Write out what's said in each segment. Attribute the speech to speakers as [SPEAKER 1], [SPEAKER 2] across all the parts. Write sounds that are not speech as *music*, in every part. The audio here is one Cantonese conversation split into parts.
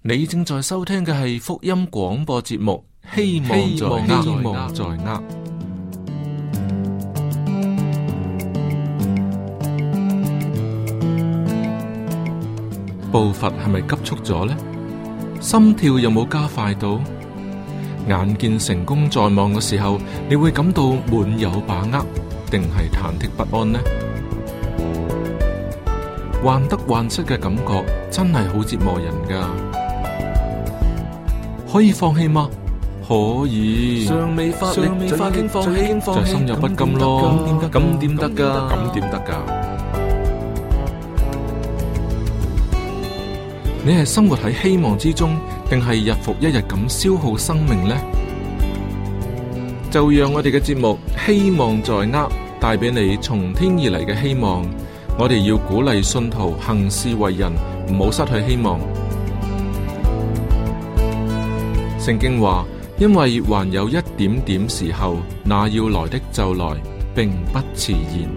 [SPEAKER 1] 你正在收聽嘅係福音廣播節目，希望希望在握。步伐係咪急促咗呢？心跳有冇加快到？眼見成功在望嘅時候，你會感到滿有把握，定係忐忑不安呢？患得患失嘅感覺真係好折磨人噶。可以放棄嗎？可以，尚未放棄就心有不甘咯。咁點得？咁點得噶？咁點得噶？你係生活喺希望之中，定係日復一日咁消耗生命呢？就讓我哋嘅節目《希望在握》帶俾你從天而嚟嘅希望。我哋要鼓勵信徒行事為人，唔好失去希望。聖經話，因為還有一點點時候，那要來的就來，並不遲延。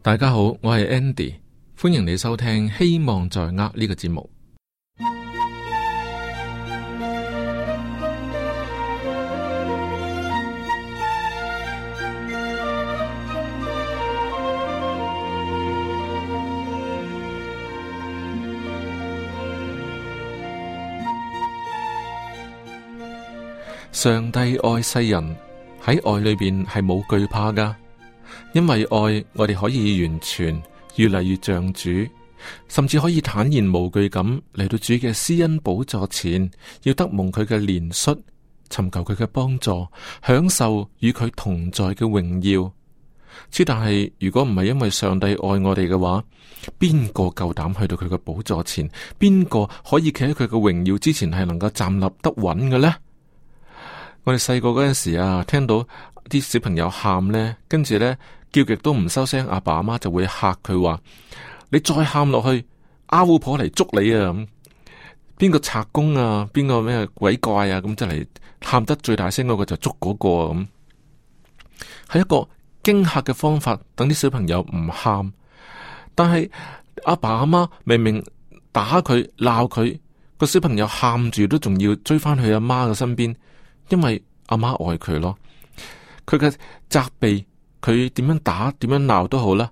[SPEAKER 1] 大家好，我係 Andy，歡迎你收聽《希望在握》呢、這個節目。上帝愛世人，喺愛裏邊係冇懼怕噶，因為愛我哋可以完全越嚟越像主，甚至可以坦然無懼咁嚟到主嘅施恩寶座前，要得蒙佢嘅憐恤，尋求佢嘅幫助，享受與佢同在嘅榮耀。只但係如果唔係因為上帝愛我哋嘅話，邊個夠膽去到佢嘅寶座前？邊個可以企喺佢嘅榮耀之前係能夠站立得穩嘅呢？我哋細個嗰陣時啊，聽到啲小朋友喊咧，跟住咧叫極都唔收聲，阿爸阿媽就會嚇佢話：你再喊落去，阿烏婆嚟捉你啊！咁邊個賊公啊？邊個咩鬼怪啊？咁即係喊得最大聲嗰個就捉嗰個咁、啊，係一個驚嚇嘅方法，等啲小朋友唔喊。但係阿爸阿媽明明打佢鬧佢，個小朋友喊住都仲要追翻去阿媽嘅身邊。因為阿媽愛佢咯，佢嘅責備，佢點樣打，點樣鬧都好啦，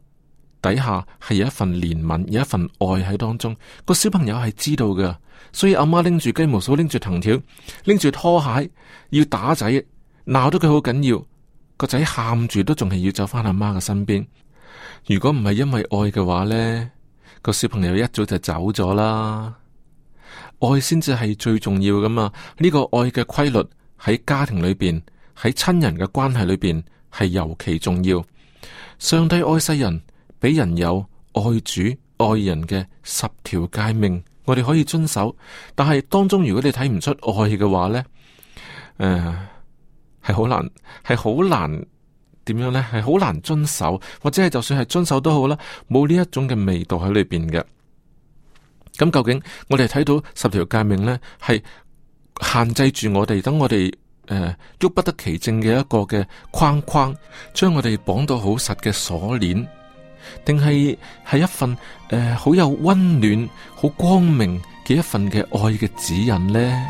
[SPEAKER 1] 底下係有一份憐憫，有一份愛喺當中。個小朋友係知道嘅，所以阿媽拎住雞毛掃，拎住藤條，拎住拖鞋要打仔，鬧到佢好緊要，個仔喊住都仲係要走翻阿媽嘅身邊。如果唔係因為愛嘅話咧，個小朋友一早就走咗啦。愛先至係最重要噶嘛，呢個愛嘅規律，喺家庭裏邊，喺親人嘅關係裏邊係尤其重要。上帝愛世人，畀人有愛主愛人嘅十條誡命，我哋可以遵守。但係當中，如果你睇唔出愛嘅話、呃、呢，誒，係好難，係好難點樣咧？係好難遵守，或者係就算係遵守都好啦，冇呢一種嘅味道喺裏邊嘅。咁究竟我哋睇到十條誡命呢？係？限制住我哋，等我哋誒，捉、呃、不得其正嘅一個嘅框框，將我哋綁到好實嘅鎖鏈，定係係一份誒好、呃、有溫暖、好光明嘅一份嘅愛嘅指引咧。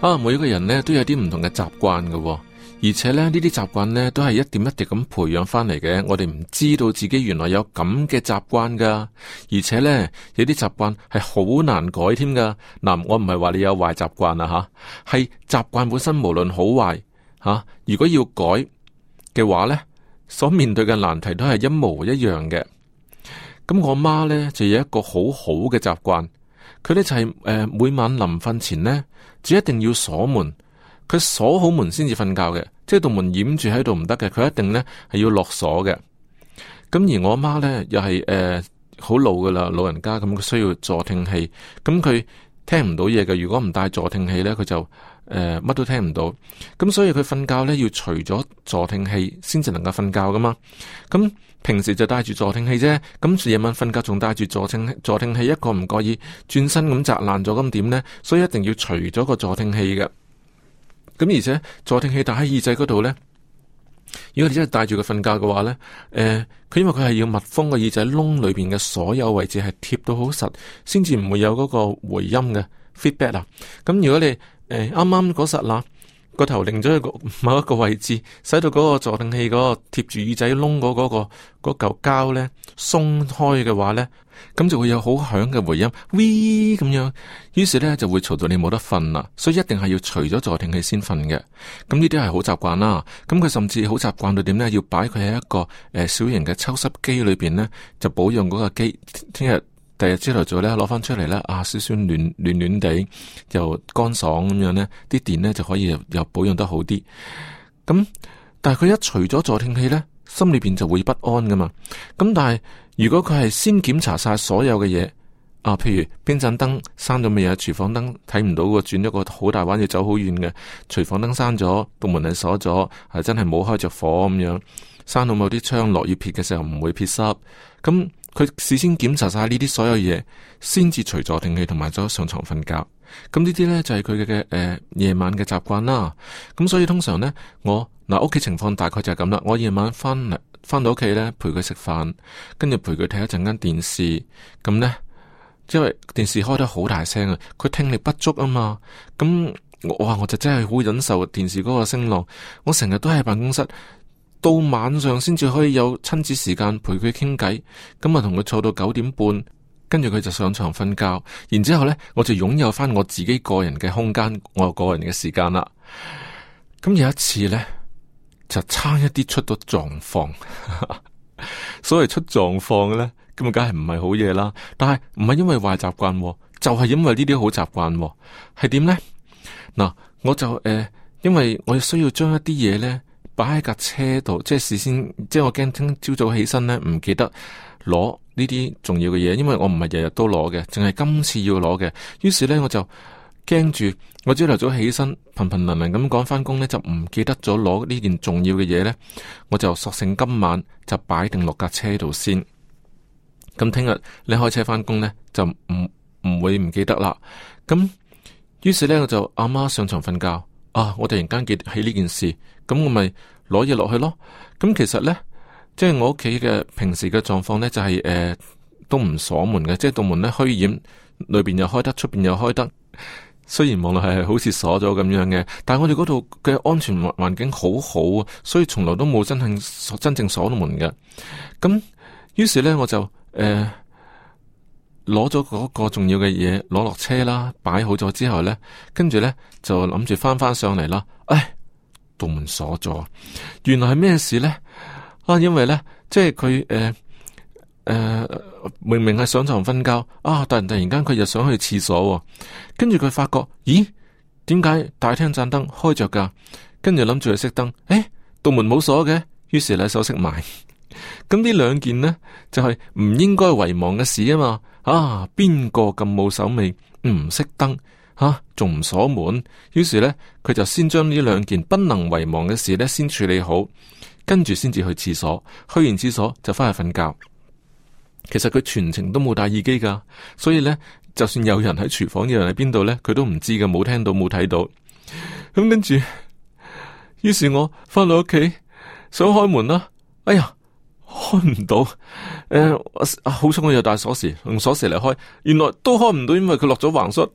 [SPEAKER 1] 啊，每一個人咧都有啲唔同嘅習慣嘅，而且咧呢啲習慣咧都係一點一滴咁培養翻嚟嘅。我哋唔知道自己原來有咁嘅習慣噶，而且咧有啲習慣係好難改添噶。嗱，我唔係話你有壞習慣啊，吓係習慣本身無論好壞吓、啊，如果要改嘅話咧，所面對嘅難題都係一模一樣嘅。咁我媽咧就有一個好好嘅習慣。佢呢就係、是、誒、呃、每晚臨瞓前呢，只一定要鎖門，佢鎖好門先至瞓覺嘅，即係道門掩住喺度唔得嘅，佢一定呢係要落鎖嘅。咁、嗯、而我阿媽呢，又係誒好老噶啦，老人家咁佢需要助聽器，咁、嗯、佢聽唔到嘢嘅，如果唔帶助聽器呢，佢就誒乜、呃、都聽唔到。咁、嗯、所以佢瞓覺呢，要除咗助聽器先至能夠瞓覺噶嘛，咁、嗯。平時就戴住助聽器啫，咁夜晚瞓覺仲戴住助聽助聽器，一個唔覺意轉身咁砸爛咗，咁點呢？所以一定要除咗個助聽器嘅。咁而且助聽器戴喺耳仔嗰度呢。如果你真係戴住佢瞓覺嘅話呢，誒、呃，佢因為佢係要密封個耳仔窿裏邊嘅所有位置係貼到好實，先至唔會有嗰個回音嘅 feedback 啊。咁如果你誒啱啱嗰時啦。個頭擰咗一個某一個位置，使到嗰個助聽器嗰個貼住耳仔窿嗰嗰個嗰嚿膠呢鬆開嘅話呢，咁就會有好響嘅回音，微咁樣，於是呢就會嘈到你冇得瞓啦，所以一定係要除咗助聽器先瞓嘅。咁呢啲係好習慣啦。咁佢甚至好習慣到點咧？要擺佢喺一個誒、呃、小型嘅抽濕機裏邊呢，就保養嗰個機。聽日。第日朝頭早咧，攞翻出嚟咧，啊，少少暖暖暖地，又乾爽咁樣，呢啲電呢，就可以又，又保養得好啲。咁、嗯、但係佢一除咗助聽器呢，心裏邊就會不安噶嘛。咁、嗯、但係如果佢係先檢查晒所有嘅嘢，啊，譬如邊盞燈閂咗乜嘢，廚房燈睇唔到喎，轉咗個好大彎要走好遠嘅，廚房燈閂咗，度門係鎖咗，係、啊、真係冇開着火咁樣，閂到冇啲窗落雨撇嘅時候唔會撇濕，咁、嗯。佢事先檢查晒呢啲所有嘢，先至除咗助聽器同埋咗上床瞓覺。咁呢啲呢，就係佢嘅嘅夜晚嘅習慣啦。咁所以通常呢，我嗱屋企情況大概就係咁啦。我夜晚翻嚟翻到屋企呢，陪佢食飯，跟住陪佢睇一陣間電視。咁呢，因為電視開得好大聲啊，佢聽力不足啊嘛。咁我哇我就真係好忍受電視嗰個聲浪。我成日都喺辦公室。到晚上先至可以有親子時間陪佢傾偈，咁啊同佢坐到九點半，跟住佢就上床瞓覺，然之後呢我就擁有翻我自己個人嘅空間，我個人嘅時間啦。咁有一次呢，就差一啲出到狀況， *laughs* 所謂出狀況呢，咁啊，梗係唔係好嘢啦。但係唔係因為壞習慣，就係、係、因為呢啲好習慣，係點呢？嗱，我就誒、呃，因為我需要將一啲嘢呢。擺喺架車度，即係事先，即係我驚聽朝早起身呢，唔記得攞呢啲重要嘅嘢，因為我唔係日日都攞嘅，淨係今次要攞嘅。於是呢，我就驚住我朝頭早起身，頻頻臨臨咁趕翻工呢，就唔記得咗攞呢件重要嘅嘢呢。我就索性今晚就擺定落架車度先。咁聽日你開車翻工呢，就唔唔會唔記得啦。咁於是呢，我就阿媽上床瞓覺。啊！我突然間記起呢件事，咁我咪攞嘢落去咯。咁、嗯、其實呢，即係我屋企嘅平時嘅狀況呢，就係、是、誒、呃、都唔鎖門嘅，即係道門呢虛掩，裏邊又開得出邊又開得。雖然望落係好似鎖咗咁樣嘅，但係我哋嗰度嘅安全環環境好好，所以從來都冇真係真正鎖到門嘅。咁、嗯、於是呢，我就誒。呃攞咗嗰個重要嘅嘢，攞落車啦，擺好咗之後咧，跟住咧就諗住翻翻上嚟啦。唉、哎，道門鎖咗，原來係咩事咧？啊，因為咧，即係佢誒誒，明明係上床瞓覺啊，突然突然間佢又想去廁所、哦，跟住佢發覺，咦，點解大廳盞燈開着噶？跟住諗住去熄燈，誒、哎，道門冇鎖嘅，於是咧手熄埋。咁呢兩件呢，就係唔應該遺忘嘅事啊嘛啊邊個咁冇手尾唔熄燈吓仲唔鎖門？於是呢，佢就先將呢兩件不能遺忘嘅事呢，先處理好，跟住先至去廁所，去完廁所就翻去瞓覺。其實佢全程都冇戴耳機噶，所以呢，就算有人喺廚房，有人喺邊度呢，佢都唔知嘅，冇聽到冇睇到。咁跟住，於是我翻到屋企想開門啦，哎呀！開唔到，誒、呃，好彩我有帶鎖匙，用鎖匙嚟開，原來都開唔到，因為佢落咗橫縮，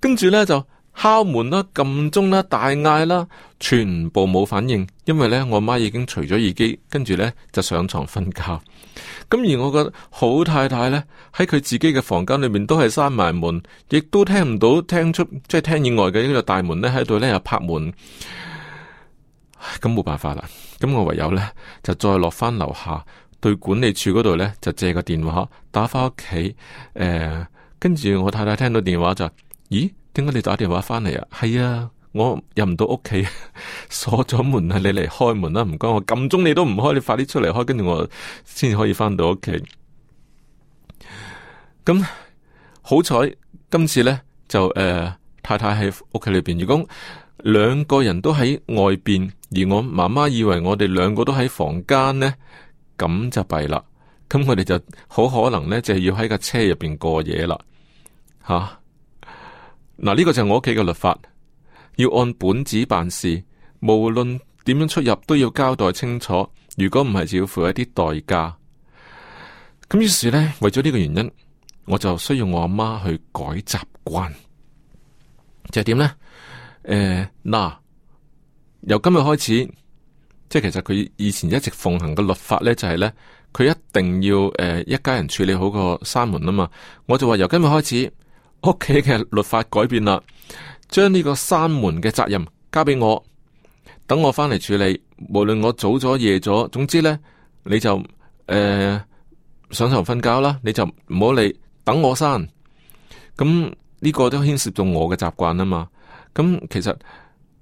[SPEAKER 1] 跟住呢，就敲門啦、撳鐘啦、大嗌啦，全部冇反應，因為呢，我媽已經除咗耳機，跟住呢，就上床瞓覺，咁而我個好太太呢，喺佢自己嘅房間裏面都係閂埋門，亦都聽唔到聽出即係、就是、廳以外嘅呢個大門呢喺度呢，又拍門，唉，咁冇辦法啦。咁我唯有呢，就再落翻樓下，對管理處嗰度呢，就借個電話打返屋企。呃、跟住我太太聽到電話就：咦，點解你打電話返嚟啊？係啊，我入唔到屋企，鎖咗門啊！你嚟開門啦，唔該。我撳鐘你都唔開，你快啲出嚟開，跟住我先可以返到屋企。咁、嗯、好彩，今次呢，就、呃、太太喺屋企裏邊。如果兩個人都喺外邊。而我媽媽以為我哋兩個都喺房間呢，咁就弊啦。咁我哋就好可能呢，就係要喺架車入邊過夜啦。吓，嗱，呢個就係我屋企嘅律法，要按本子辦事，無論點樣出入都要交代清楚。如果唔係，就要付一啲代價。咁於是呢，為咗呢個原因，我就需要我阿媽去改習慣。就係點呢？誒，嗱。由今日開始，即係其實佢以前一直奉行嘅律法呢，就係、是、呢：佢一定要誒、呃、一家人處理好個閂門啊嘛。我就話由今日開始，屋企嘅律法改變啦，將呢個閂門嘅責任交俾我，等我翻嚟處理。無論我早咗夜咗，總之呢，你就誒、呃、上床瞓覺啦，你就唔好嚟等我閂。咁呢個都牽涉到我嘅習慣啊嘛。咁其實。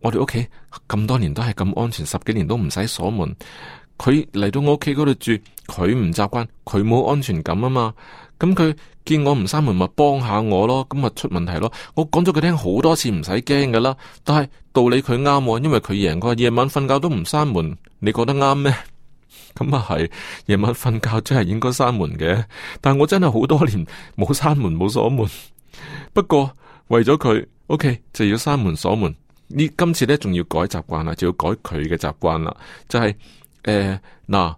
[SPEAKER 1] 我哋屋企咁多年都係咁安全，十幾年都唔使鎖門。佢嚟到我屋企嗰度住，佢唔習慣，佢冇安全感啊嘛。咁佢見我唔閂門，咪幫下我咯。咁咪出問題咯。我講咗佢聽好多次，唔使驚噶啦。但係道理佢啱，因為佢贏過夜晚瞓覺都唔閂門，你覺得啱咩？咁啊係夜晚瞓覺真係應該閂門嘅。但我真係好多年冇閂門冇鎖門。鎖門 *laughs* 不過為咗佢，OK 就要閂門鎖門。鎖門呢今次咧，仲要改習慣啦，就要改佢嘅習慣啦。就係誒嗱，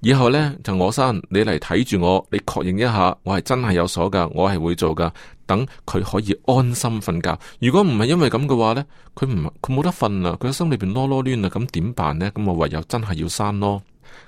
[SPEAKER 1] 以後咧，就我刪，你嚟睇住我，你確認一下，我係真係有鎖噶，我係會做噶。等佢可以安心瞓覺。如果唔係因為咁嘅話咧，佢唔佢冇得瞓啦，佢喺心裏邊囉囉攣啦，咁點辦咧？咁我唯有真係要刪咯。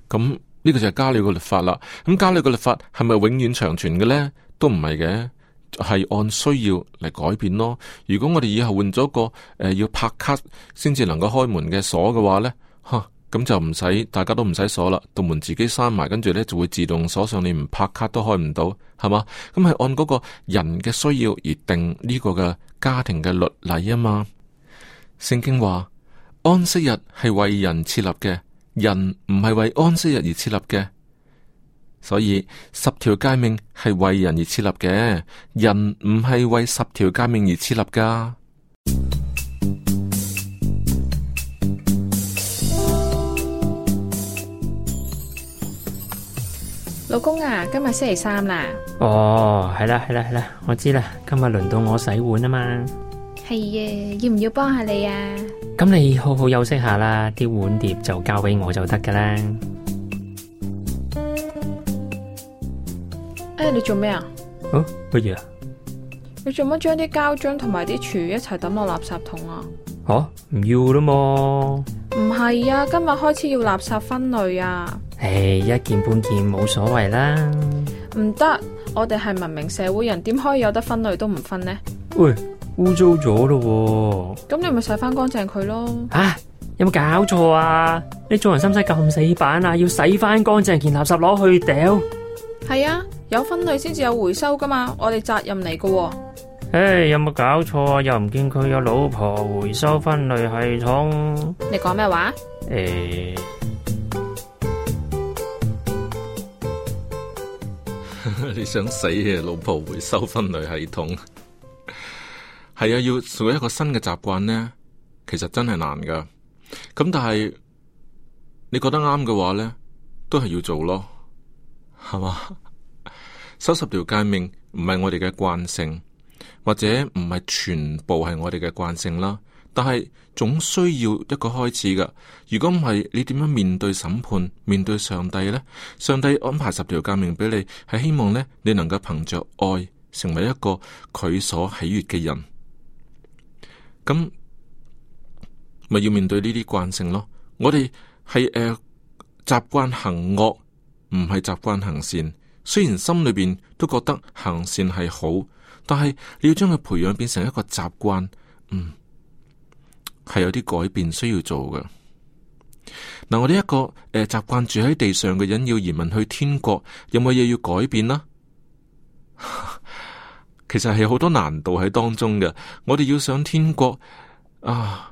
[SPEAKER 1] 咁呢個就係家裡嘅律法啦。咁家裡嘅律法係咪永遠長存嘅咧？都唔係嘅。係按需要嚟改變咯。如果我哋以後換咗個誒、呃、要拍卡先至能夠開門嘅鎖嘅話呢，吓，咁就唔使大家都唔使鎖啦，道門自己閂埋，跟住呢就會自動鎖上，你唔拍卡都開唔到，係嘛？咁係按嗰個人嘅需要而定呢個嘅家庭嘅律例啊嘛。聖經話安息日係為人設立嘅，人唔係為安息日而設立嘅。所以十條誡命係為人而設立嘅，人唔係為十條誡命而設立噶。老公啊，今日星期三啦。哦，係啦係啦係啦，我知啦，今日輪到我洗碗啊嘛。係啊，要唔要幫下你啊？咁你好好休息下啦，啲碗碟就交俾我就得噶啦。你做咩啊？乜嘢？你做乜將啲膠樽同埋啲廚一齊抌落垃圾桶啊？吓、啊，唔要啦嘛？唔係啊，今日開始要垃圾分類啊！唉，一件半件冇所謂啦。唔得，我哋係文明社會人，點可以有得分類都唔分呢？喂，污糟咗咯！咁你咪洗翻乾淨佢咯？吓，有冇搞錯啊？你做人使唔使咁死板啊？要洗翻乾淨件垃圾攞去掉。係啊，有分類先至有回收噶嘛，我哋責任嚟噶，哦。唉，hey，有冇搞錯啊？又唔見佢有老婆回收分類系統。你講咩話？誒，你想死嘅，啊，老婆回收分類系統。係 *laughs* 啊，要做一個新嘅習慣咧，其實真係難噶。咁但係你覺得啱嘅話咧，都係要做咯。係嘛？收十條誡命唔係我哋嘅慣性，或者唔係全部係我哋嘅慣性啦。但係總需要一個開始噶。如果唔係，你點樣面對審判、面對上帝呢？上帝安排十條誡命俾你，係希望呢，你能夠憑着愛成為一個佢所喜悦嘅人。咁咪要面對呢啲慣性咯。我哋係誒習慣行惡。唔係習慣行善，雖然心裏邊都覺得行善係好，但係你要將佢培養變成一個習慣，嗯，係有啲改變需要做嘅。嗱，我哋一個誒習慣住喺地上嘅人要移民去天國，有冇嘢要改變呢？其實係好多難度喺當中嘅，我哋要上天國啊！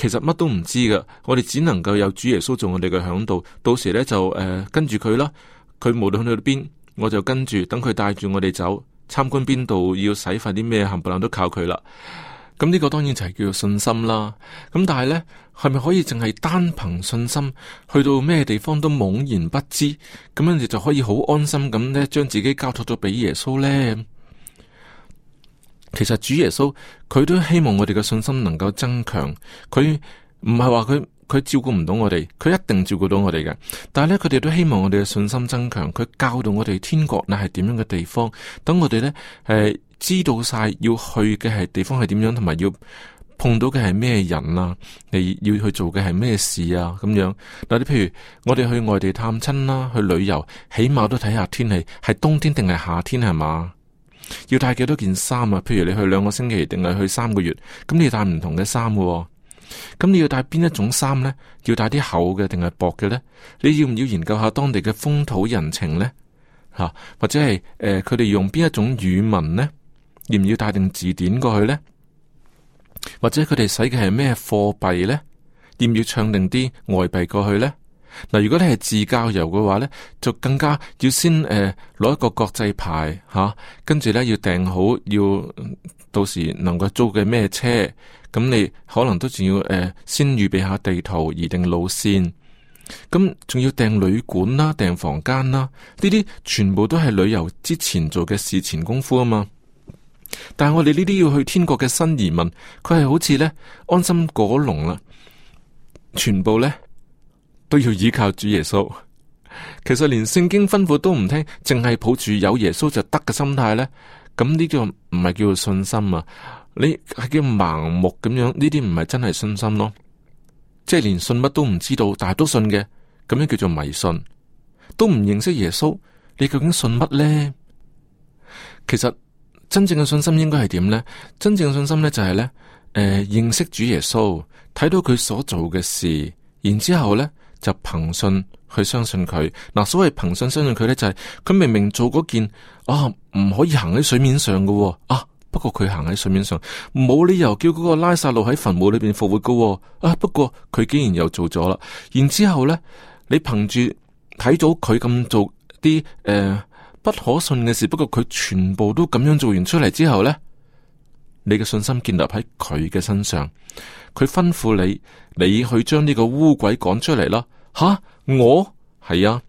[SPEAKER 1] 其實乜都唔知噶，我哋只能夠有主耶穌做我哋嘅響導，到時呢，就、呃、誒跟住佢啦。佢無論去到邊，我就跟住，等佢帶住我哋走，參觀邊度要洗費啲咩，冚唪唥都靠佢啦。咁、嗯、呢、呢個當然就係叫做信心啦。咁、嗯、但係呢，係咪可以淨係單憑信心去到咩地方都懵然不知，咁樣就可以好安心咁咧，將自己交託咗俾耶穌呢？其實主耶穌，佢都希望我哋嘅信心能夠增強，佢唔係話佢佢照顧唔到我哋，佢一定照顧到我哋嘅。但係咧，佢哋都希望我哋嘅信心增強，佢教導我哋天國係點樣嘅地方，等我哋咧誒知道晒要去嘅，係地方係點樣，同埋要碰到嘅係咩人啊，你要去做嘅係咩事啊咁樣。嗱，你譬如我哋去外地探親啦，去旅遊，起碼都睇下天氣係冬天定係夏天係嘛？要帶幾多件衫啊？譬如你去兩個星期定係去三個月，咁你帶唔同嘅衫噶，咁你要帶邊一種衫呢？要帶啲厚嘅定係薄嘅呢？你要唔要研究下當地嘅風土人情呢？吓、啊、或者係誒，佢、呃、哋用邊一種語文呢？要唔要帶定字典過去呢？或者佢哋使嘅係咩貨幣呢？要唔要唱定啲外幣過去呢？嗱，如果你係自駕遊嘅話呢，就更加要先誒攞、呃、一個國際牌吓、啊，跟住呢，要訂好，要到時能夠租嘅咩車，咁、嗯、你可能都仲要誒、呃、先預備下地圖，擬定路線，咁、嗯、仲要訂旅館啦，訂房間啦，呢啲全部都係旅遊之前做嘅事前功夫啊嘛。但係我哋呢啲要去天國嘅新移民，佢係好似呢安心過龍啦，全部呢。都要依靠主耶穌。其實連聖經吩咐都唔聽，淨係抱住有耶穌就得嘅心態咧，咁呢個唔係叫做信心啊！你係叫盲目咁樣，呢啲唔係真係信心咯。即係連信乜都唔知道，但係都信嘅，咁樣叫做迷信。都唔認識耶穌，你究竟信乜咧？其實真正嘅信心應該係點咧？真正嘅信心咧就係、是、咧，誒、呃，認識主耶穌，睇到佢所做嘅事，然之後咧。就憑信去相信佢嗱、啊，所謂憑信相信佢咧，就係、是、佢明明做嗰件啊，唔可以行喺水面上嘅、哦，啊不過佢行喺水面上，冇理由叫嗰個拉撒路喺墳墓裏邊復活嘅、哦，啊不過佢竟然又做咗啦。然之後咧，你憑住睇到佢咁做啲誒、呃、不可信嘅事，不過佢全部都咁樣做完出嚟之後咧，你嘅信心建立喺佢嘅身上，佢吩咐你，你去將呢個污鬼趕出嚟啦。吓我係啊，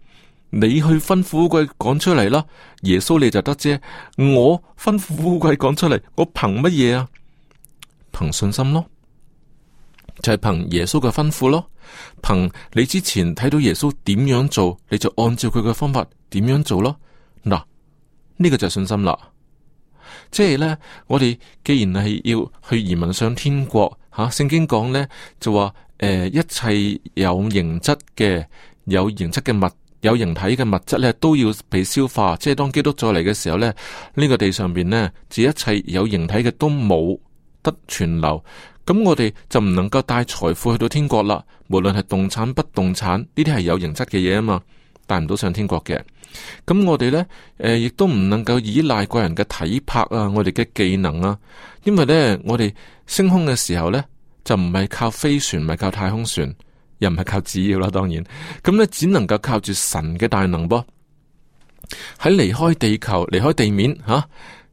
[SPEAKER 1] 你去吩咐佢講出嚟啦，耶穌你就得啫。我吩咐佢講出嚟，我憑乜嘢啊？憑信心咯，就係、是、憑耶穌嘅吩咐咯。憑你之前睇到耶穌點樣做，你就按照佢嘅方法點樣做咯。嗱，呢、這個就係信心啦。即係咧，我哋既然係要去移民上天國，吓聖經講咧就話。誒、呃，一切有形質嘅、有形質嘅物、有形體嘅物質咧，都要被消化。即係當基督再嚟嘅時候咧，呢、這個地上邊呢，就一切有形體嘅都冇得存留。咁我哋就唔能夠帶財富去到天國啦。無論係動產不動產，呢啲係有形質嘅嘢啊嘛，帶唔到上天國嘅。咁我哋呢，誒、呃，亦都唔能夠依賴個人嘅體魄啊，我哋嘅技能啊，因為呢，我哋升空嘅時候呢。就唔係靠飛船，唔係靠太空船，又唔係靠紙鷂啦。當然，咁咧只能夠靠住神嘅大能噃。喺離開地球、離開地面吓，升、啊、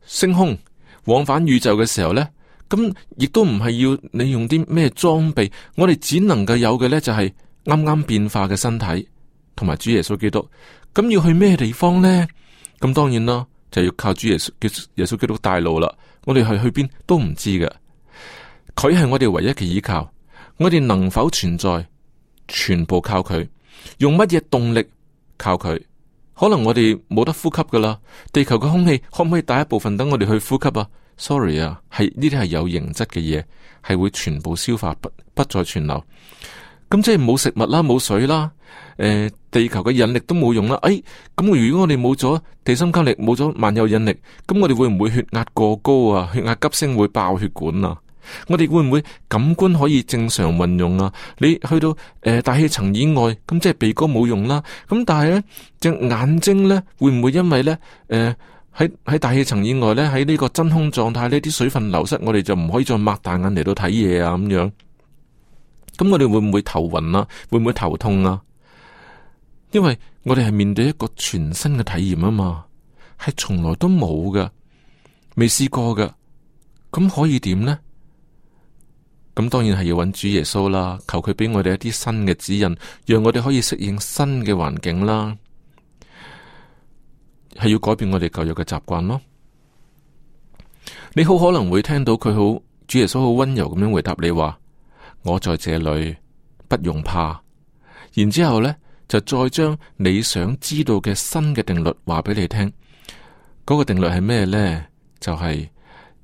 [SPEAKER 1] 升空往返宇宙嘅時候咧，咁亦都唔係要你用啲咩裝備。我哋只能夠有嘅咧就係啱啱變化嘅身體，同埋主耶穌基督。咁要去咩地方咧？咁當然啦，就要靠主耶穌耶穌基督帶路啦。我哋係去邊都唔知嘅。佢係我哋唯一嘅依靠，我哋能否存在，全部靠佢。用乜嘢動力？靠佢。可能我哋冇得呼吸噶啦。地球嘅空氣可唔可以帶一部分等我哋去呼吸啊？Sorry 啊，係呢啲係有形質嘅嘢，係會全部消化，不不再存留。咁即係冇食物啦，冇水啦。誒、呃，地球嘅引力都冇用啦。誒、哎，咁如果我哋冇咗地心吸力，冇咗萬有引力，咁我哋會唔會血壓過高啊？血壓急升會爆血管啊？我哋會唔會感官可以正常運用啊？你去到誒、呃、大氣層以外咁，即係鼻哥冇用啦。咁但係咧隻眼睛咧會唔會因為咧誒喺喺大氣層以外咧喺呢個真空狀態呢啲水分流失，我哋就唔可以再擘大眼嚟到睇嘢？啊？咁樣咁，我哋會唔會頭暈啊？會唔會頭痛啊？因為我哋係面對一個全新嘅體驗啊嘛，係從來都冇㗎，未試過㗎，咁可以點呢？咁當然係要揾主耶穌啦，求佢畀我哋一啲新嘅指引，讓我哋可以適應新嘅環境啦。係要改變我哋舊約嘅習慣咯。你好可能會聽到佢好主耶穌好溫柔咁樣回答你話：我在這裏，不用怕。然之後呢，就再將你想知道嘅新嘅定律話畀你聽。嗰個定律係咩呢？就係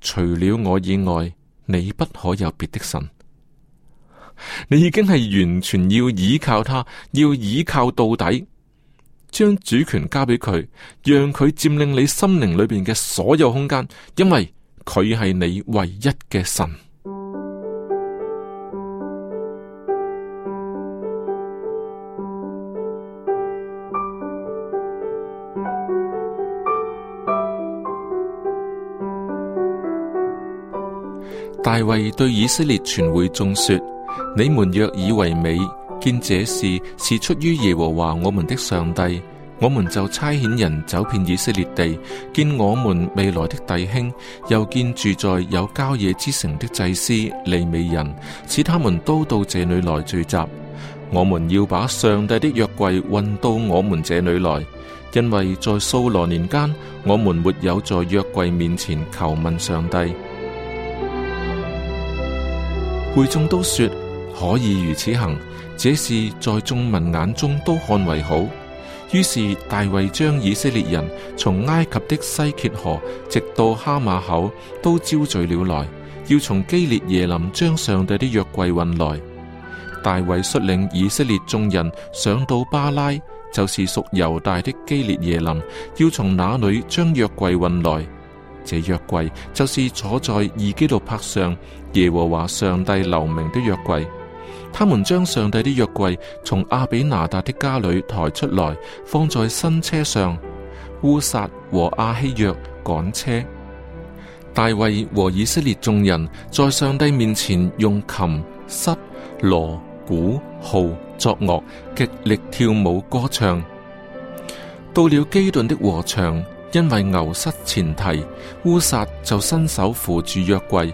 [SPEAKER 1] 除了我以外，你不可有別的神，你已經係完全要依靠他，要依靠到底，將主權交俾佢，讓佢佔領你心靈裏邊嘅所有空間，因為佢係你唯一嘅神。大衛對以色列全會眾說：你們若以為美，見這事是出於耶和華我們的上帝，我們就差遣人走遍以色列地，見我們未來的弟兄，又見住在有郊野之城的祭司利未人，使他們都到這裏來聚集。我們要把上帝的約櫃運到我們這裏來，因為在掃羅年間，我們沒有在約櫃面前求問上帝。會眾都說，可以如此行，這事在眾民眼中都看為好。於是大衛將以色列人從埃及的西歇河，直到哈馬口，都招聚了來，要從基列耶林將上帝的約櫃運來。大衛率領以色列眾人上到巴拉，就是屬猶大的基列耶林，要從那裏將約櫃運來。這約櫃就是坐在二基路伯上耶和華上帝留名的約櫃，他們將上帝的約櫃從亞比拿達的家裏抬出來，放在新車上。烏撒和亞希約趕車，大衛和以色列眾人在上帝面前用琴、瑟、鑼、鼓、號作樂，極力跳舞歌唱，到了基頓的禾場。因為牛失前蹄，烏撒就伸手扶住約櫃，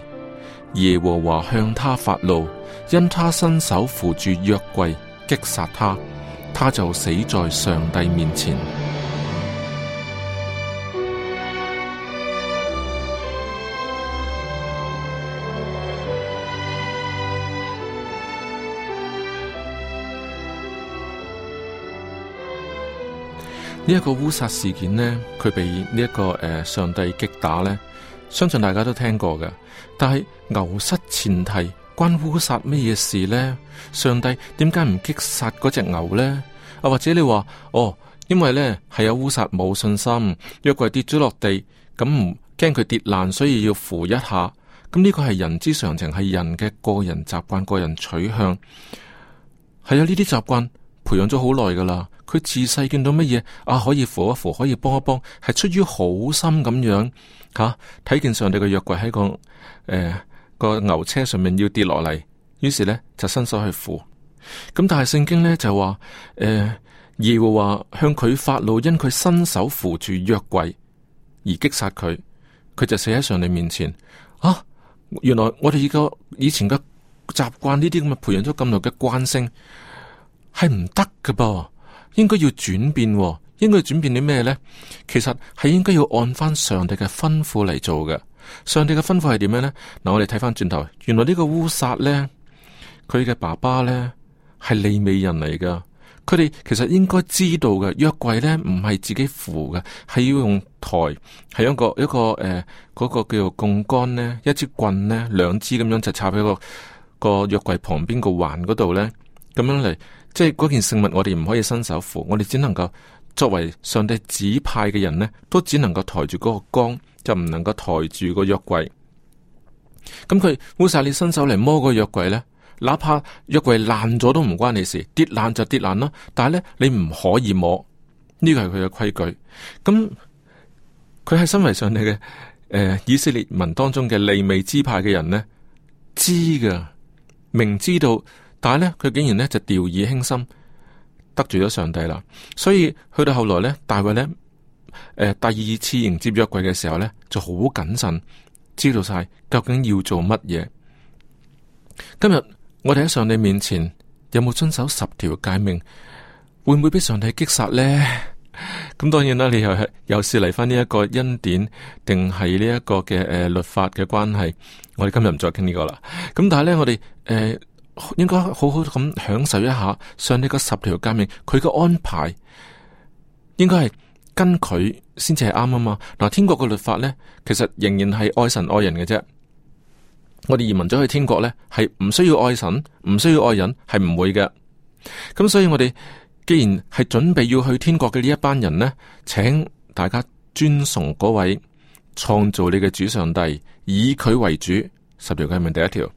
[SPEAKER 1] 耶和華向他發怒，因他伸手扶住約櫃，擊殺他，他就死在上帝面前。呢一個烏撒事件呢，佢被呢、這、一個誒、呃、上帝擊打呢，相信大家都聽過嘅。但係牛失前蹄，關烏撒咩嘢事呢？上帝點解唔擊殺嗰隻牛呢？啊，或者你話哦，因為呢係有烏撒冇信心，若佢跌咗落地，咁唔驚佢跌爛，所以要扶一下。咁呢個係人之常情，係人嘅個人習慣、個人取向，係有呢啲習慣。培養咗好耐噶啦，佢自細見到乜嘢啊，可以扶一扶，可以幫一幫，係出於好心咁樣吓。睇、啊、見上帝嘅約櫃喺個誒、呃、個牛車上面要跌落嚟，於是呢就伸手去扶。咁、嗯、但係聖經呢就話，誒耶和華向佢發怒，因佢伸手扶住約櫃而擊殺佢，佢就死喺上帝面前。啊，原來我哋而家以前嘅習慣呢啲咁嘅培養咗咁耐嘅慣性。係唔得嘅噃，應該要轉變，哦，應該要轉變啲咩咧？其實係應該要按翻上帝嘅吩咐嚟做嘅。上帝嘅吩咐係點樣咧？嗱，我哋睇翻轉頭，原來個烏呢個烏撒咧，佢嘅爸爸咧係利未人嚟噶。佢哋其實應該知道嘅，約櫃咧唔係自己扶嘅，係要用台，係一個一個誒個，呃那個叫做槓桿咧，一支棍咧，兩支咁樣就插喺個個約櫃旁邊個環嗰度咧。咁樣嚟，即係嗰件聖物，我哋唔可以伸手扶，我哋只能夠作為上帝指派嘅人呢都只能夠抬住嗰個缸，就唔能夠抬住個約櫃。咁、嗯、佢烏撒，你伸手嚟摸個約櫃呢？哪怕約櫃爛咗都唔關你事，跌爛就跌爛啦。但係呢，你唔可以摸，呢個係佢嘅規矩。咁佢係身為上帝嘅誒、呃，以色列民當中嘅利未支派嘅人呢？知㗎，明知道。但係咧，佢竟然咧就掉以輕心，得罪咗上帝啦。所以去到後來咧，大衛咧，誒、呃，第二次迎接約櫃嘅時候咧，就好謹慎，知道晒究竟要做乜嘢。今日我哋喺上帝面前有冇遵守十條誡命，會唔會俾上帝擊殺咧？咁當然啦，你又係又是嚟翻呢一個恩典定係呢一個嘅誒律法，嘅關係。我哋今日唔再傾呢個啦。咁但係咧，我哋誒。呃應該好好咁享受一下上呢個十條誡命佢嘅安排，應該係跟佢先至係啱啊嘛！嗱，天國嘅律法呢，其實仍然係愛神愛人嘅啫。我哋移民咗去天國呢，係唔需要愛神，唔需要愛人，係唔會嘅。咁所以我哋既然係準備要去天國嘅呢一班人呢，請大家尊崇嗰位創造你嘅主上帝，以佢為主。十條誡命第一條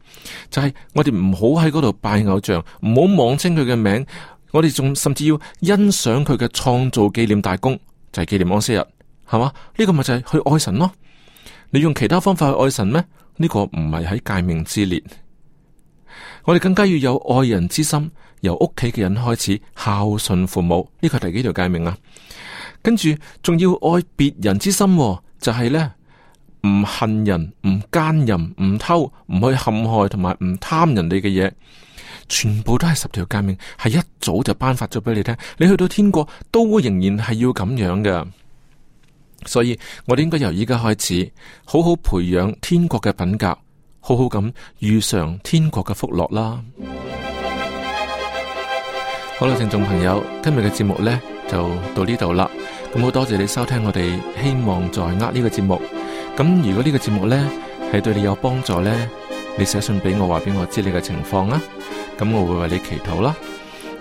[SPEAKER 1] 就係、是、我哋唔好喺嗰度拜偶像，唔好妄稱佢嘅名。我哋仲甚至要欣賞佢嘅創造紀念大功，就係、是、紀念安息日，係嘛？呢、這個咪就係去愛神咯。你用其他方法去愛神咩？呢、這個唔係喺誡命之列。我哋更加要有愛人之心，由屋企嘅人開始孝順父母。呢個係第幾條誡命啊？跟住仲要愛別人之心，就係、是、咧。唔恨人，唔奸人，唔偷，唔去陷害，同埋唔貪人哋嘅嘢，全部都係十條誡命，係一早就頒發咗俾你聽。你去到天國都會仍然係要咁樣嘅，所以我哋應該由依家開始，好好培養天國嘅品格，好好咁遇上天國嘅福樂啦。 *music* 好啦，聽眾朋友，今日嘅節目咧就到呢度啦。咁好多謝你收聽我哋，希望在握呢個節目。咁如果呢個節目咧係對你有幫助咧，你寫信俾我，話俾我知你嘅情況啦，咁我會為你祈禱啦。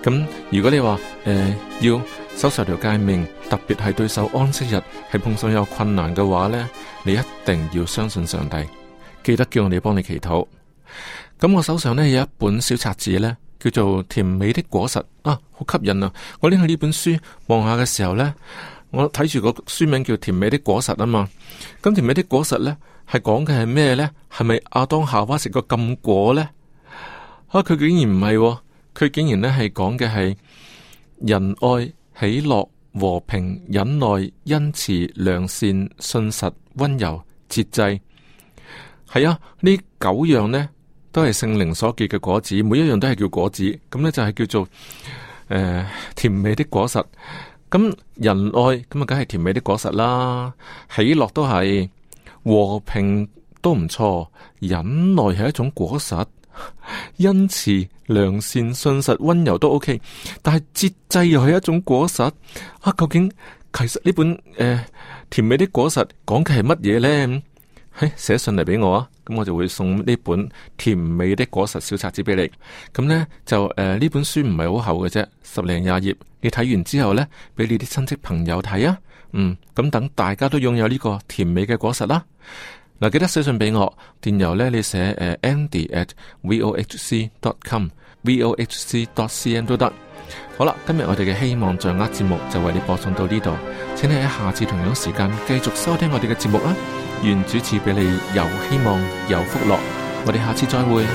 [SPEAKER 1] 咁如果你話誒要守十條誡命，特別係對守安息日係碰上有困難嘅話咧，你一定要相信上帝，記得叫我哋幫你祈禱。咁我手上咧有一本小冊子咧，叫做《甜美的果實》啊，好吸引啊！我拎起呢本書望下嘅時候咧。我睇住個書名叫《甜美的果實》啊嘛，咁《甜美的果實》呢，係講嘅係咩呢？係咪亞當夏娃食個禁果呢？啊，佢竟然唔係，哦，佢竟然呢係講嘅係仁愛、喜樂、和平、忍耐、恩慈、良善、信實、溫柔、節制。係啊，呢九樣呢，都係聖靈所結嘅果子，每一樣都係叫果子，咁呢就係叫做誒、呃、甜美的果實。咁仁愛咁啊，梗係甜美的果實啦。喜樂都係，和平都唔錯，忍耐係一種果實。恩慈、良善、信實、溫柔都 OK，但係節制又係一種果實。啊，究竟其實呢本誒、欸《甜美的果實》講嘅係乜嘢咧？哎，寫信嚟俾我啊，咁我就會送呢本甜美的果實小冊子俾你。咁呢就誒、呃、呢本書唔係好厚嘅啫，十零廿頁。你睇完之後呢，俾你啲親戚朋友睇啊。嗯，咁等大家都擁有呢個甜美嘅果實啦。嗱、啊，記得寫信俾我，電郵呢你寫誒、呃、andy at vohc dot com vohc dot cn 都得。好啦，今日我哋嘅希望掌握節目就為你播送到呢度，請你喺下次同樣時間繼續收聽我哋嘅節目啦。願主持俾你有希望，有福樂。我哋下次再會。